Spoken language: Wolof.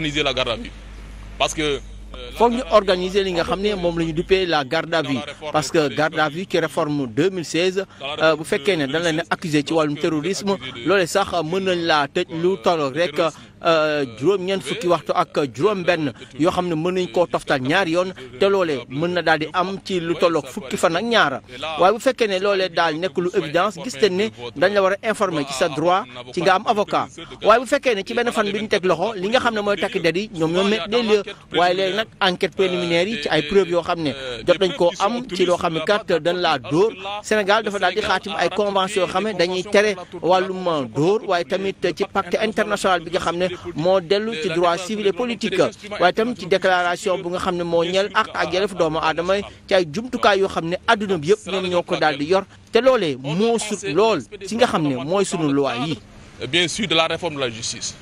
organiser la garde à vue parce que. Euh, foog ñu organiser li nga xam ne moom la ñu duppee la garde à vue parce que garde à vue ci euh, réforme bu fekkee ne dañ leen accusé ci wàllum terrorisme loolee sax mën nañ laa tëj lu toll rek Euh, juróom-ñeent fukki waxtu ak juróom-benn yoo xam ne mën nañ koo toftal ñaari yoon te loole mën na daal di am ci lu tolloog fukki fan ak ñaara waaye bu fekkee ne loole daal nekk lu évidence gis te ne dañ la war a informer ci sa droit ci nga am avocat waaye bu fekkee ne ci benn fan bi ñu teg loxo li nga xam ne mooy takk der yi ñoom ñoo met des lieux waaye léegi nag enquête préliminaire yi ci ay preuves yoo xam ne jot nañ ko am ci loo xam ne kat dañ laa dóor Sénégal dafa daal di ay convention yoo xam ne dañuy tere wàllum dóor waaye tamit ci pacte international bi nga xam ne moo dellu ci droit civil et politique waaye tam ci déclaration bu nga xam ne moo ñeel ak ak yelef doomu aadama ci ay jumtukaay yoo xam ne adduna bi yëpp ñoom ñoo ko daal di yor te loolee moo sut lool ci nga xam ne mooy sunu loi yi bien sûr de la réforme la justice